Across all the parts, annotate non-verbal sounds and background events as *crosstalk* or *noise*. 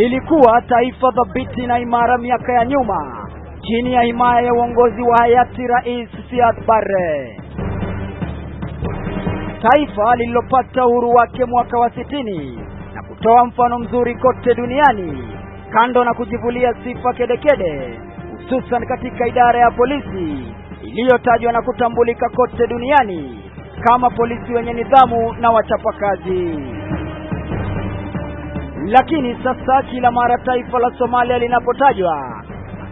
lilikuwa taifa dhabiti na imara miaka ya nyuma chini ya himaya ya uongozi wa hayati Rais Siad Barre, taifa lililopata uhuru wake mwaka wa sitini na kutoa mfano mzuri kote duniani, kando na kujivulia sifa kedekede, hususan katika idara ya polisi iliyotajwa na kutambulika kote duniani kama polisi wenye nidhamu na wachapakazi. Lakini sasa kila mara taifa la Somalia linapotajwa,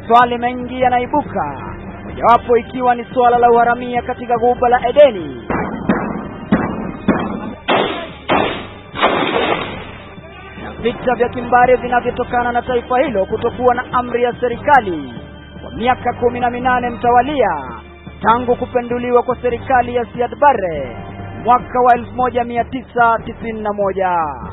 swali mengi yanaibuka, mojawapo ikiwa ni suala la uharamia katika Ghuba la Edeni. vita vya kimbari vinavyotokana na taifa hilo kutokuwa na amri ya serikali kwa miaka kumi na minane mtawalia tangu kupenduliwa kwa serikali ya Siad Barre mwaka wa 1991.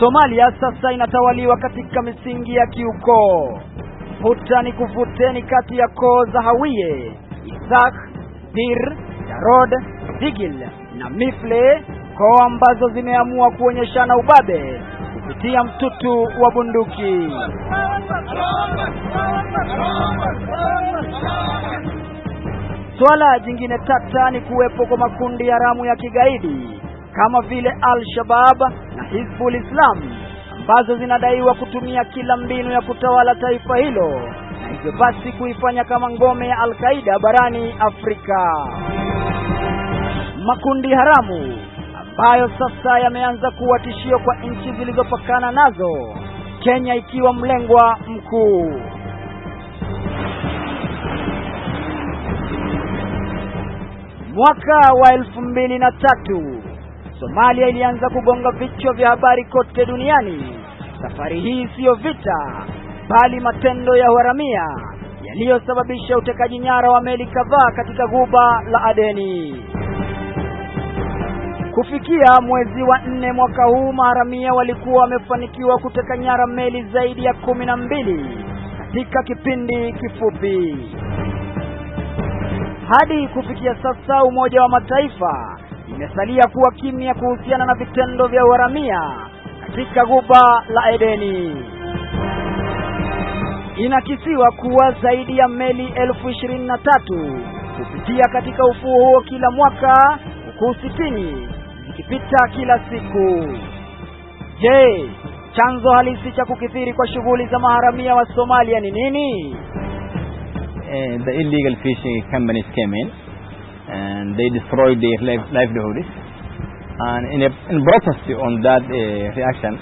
Somalia sasa inatawaliwa katika misingi ya kiukoo. ni kuvuteni kati ya koo za Hawiye, isak Dir, Darod, Digil na Mifle, koo ambazo zimeamua kuonyeshana ubabe kupitia mtutu wa bunduki. Swala jingine tata ni kuwepo kwa makundi haramu ya kigaidi kama vile Al-Shabab na Hizbul Islam ambazo zinadaiwa kutumia kila mbinu ya kutawala taifa hilo na hivyo basi kuifanya kama ngome ya Al-Qaida barani Afrika. Makundi haramu ambayo sasa yameanza kuwa tishio kwa nchi zilizopakana nazo, Kenya ikiwa mlengwa mkuu. Mwaka wa elfu mbili na tatu Somalia ilianza kugonga vichwa vya habari kote duniani. Safari hii siyo vita, bali matendo ya uharamia yaliyosababisha utekaji nyara wa meli kadhaa katika ghuba la Adeni. Kufikia mwezi wa nne mwaka huu, maharamia walikuwa wamefanikiwa kuteka nyara meli zaidi ya kumi na mbili katika kipindi kifupi. Hadi kufikia sasa, Umoja wa Mataifa imesalia kuwa kimya kuhusiana na vitendo vya uharamia katika guba la Edeni. Inakisiwa kuwa zaidi ya meli elfu ishirini na tatu kupitia katika ufuo huo kila mwaka, huku sitini zikipita kila siku. Je, chanzo halisi cha kukithiri kwa shughuli za maharamia wa Somalia ni nini? Uh, the illegal fishing companies came in and they destroyed their livelihoods. And in, a, in protest on that uh, reaction,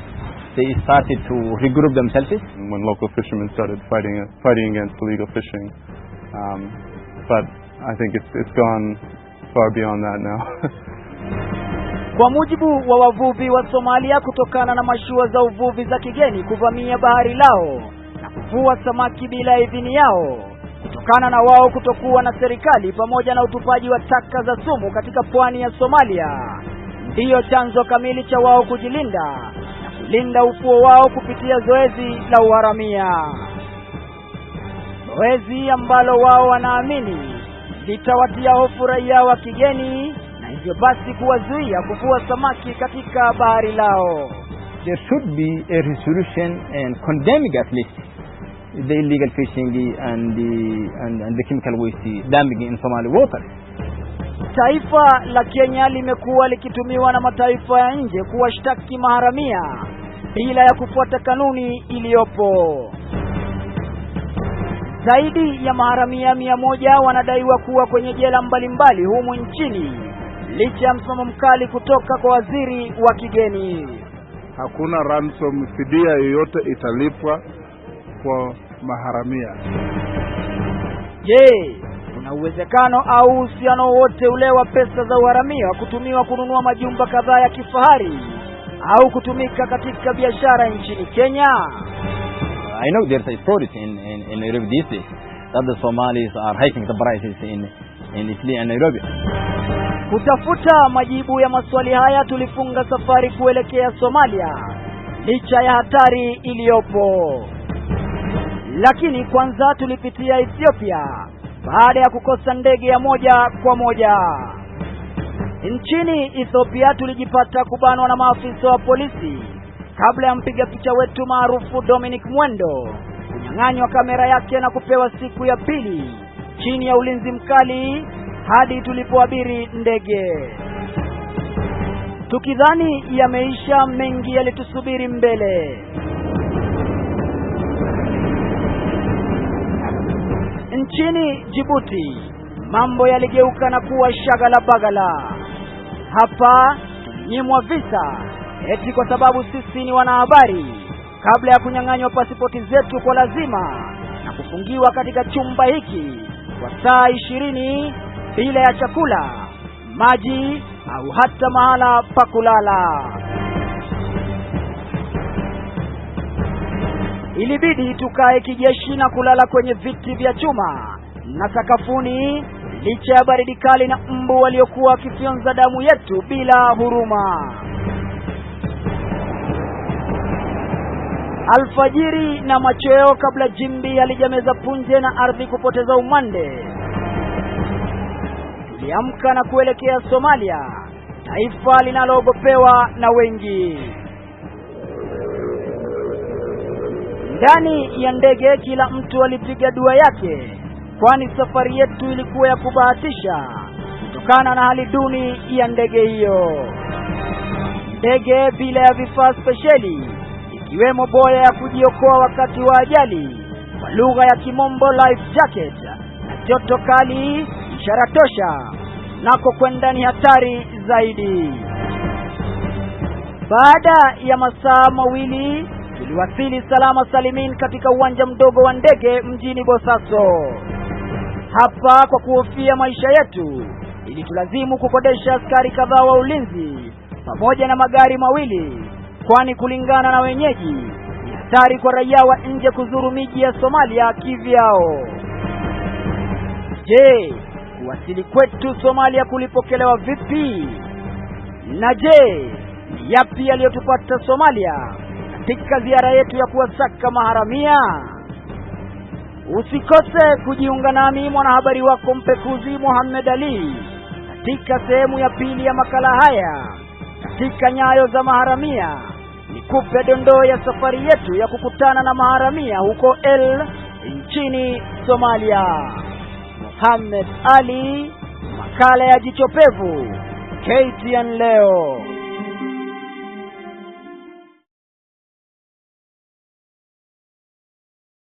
they started to regroup themselves. When local fishermen started fighting, fighting against illegal fishing, um, but I think it's, it's gone far beyond that now. *laughs* Kwa mujibu wa wavuvi wa Somalia, kutokana na mashua za uvuvi za kigeni kuvamia bahari lao na kuvua samaki bila idhini yao kutokana na wao kutokuwa na serikali pamoja na utupaji wa taka za sumu katika pwani ya Somalia ndiyo chanzo kamili cha wao kujilinda na kulinda ufuo wao kupitia zoezi la uharamia, zoezi ambalo wao wanaamini litawatia hofu raia wa kigeni na hivyo basi kuwazuia kuvua samaki katika bahari lao. There should be a resolution and condemning at least the illegal fishing and the, and, and the chemical waste dumping in Somali waters. Taifa la Kenya limekuwa likitumiwa na mataifa ya nje kuwashtaki maharamia bila ya kufuata kanuni iliyopo. Zaidi ya maharamia mia moja wanadaiwa kuwa kwenye jela mbalimbali humu nchini licha ya msimamo mkali kutoka kwa waziri wa kigeni. Hakuna ransom, fidia yoyote italipwa kwa maharamia. Je, kuna uwezekano au uhusiano wowote ule wa pesa za uharamia kutumiwa kununua majumba kadhaa ya kifahari au kutumika katika biashara nchini Kenya? I know in in in Nairobi that the Somalis are hiking the prices in in Italy and Nairobi. Kutafuta majibu ya maswali haya tulifunga safari kuelekea Somalia licha ya hatari iliyopo lakini kwanza tulipitia Ethiopia baada ya kukosa ndege ya moja kwa moja. Nchini Ethiopia tulijipata kubanwa na maafisa wa polisi kabla ya mpiga picha wetu maarufu Dominic Mwendo kunyang'anywa kamera yake na kupewa siku ya pili chini ya ulinzi mkali hadi tulipoabiri ndege. Tukidhani yameisha, mengi yalitusubiri mbele. Nchini Djibouti mambo yaligeuka na kuwa shagala bagala Hapa tulinyimwa visa eti kwa sababu sisi ni wanahabari, kabla ya kunyang'anywa pasipoti zetu kwa lazima na kufungiwa katika chumba hiki kwa saa ishirini bila ya chakula, maji au hata mahala pa kulala. ilibidi tukae kijeshi na kulala kwenye viti vya chuma na sakafuni, licha ya baridi kali na mbu waliokuwa wakifyonza damu yetu bila huruma. Alfajiri na machweo, kabla jimbi halijameza punje na ardhi kupoteza umande, tuliamka na kuelekea Somalia, taifa linaloogopewa na wengi. Ndani ya ndege kila mtu alipiga dua yake, kwani safari yetu ilikuwa ya kubahatisha kutokana na hali duni ya ndege hiyo. Ndege bila ya vifaa spesheli ikiwemo boya ya kujiokoa wakati wa ajali kwa lugha ya kimombo life jacket, na joto kali, ishara tosha nako kwenda ni hatari zaidi. Baada ya masaa mawili iliwasili salama salimin katika uwanja mdogo wa ndege mjini Bosaso. Hapa kwa kuhofia maisha yetu, ilitulazimu kukodesha askari kadhaa wa ulinzi pamoja na magari mawili, kwani kulingana na wenyeji ni hatari kwa raia wa nje kuzuru miji ya Somalia kivyao. Je, kuwasili kwetu Somalia kulipokelewa vipi? Na je, ni yapi yaliyotupata Somalia? katika ziara yetu ya kuwasaka maharamia. Usikose kujiunga nami mwanahabari wako mpekuzi Mohamed Ali katika sehemu ya pili ya makala haya katika nyayo za maharamia, nikupe dondoo ya safari yetu ya kukutana na maharamia huko El nchini Somalia. Muhammad Ali, makala ya Jicho Pevu, KTN leo.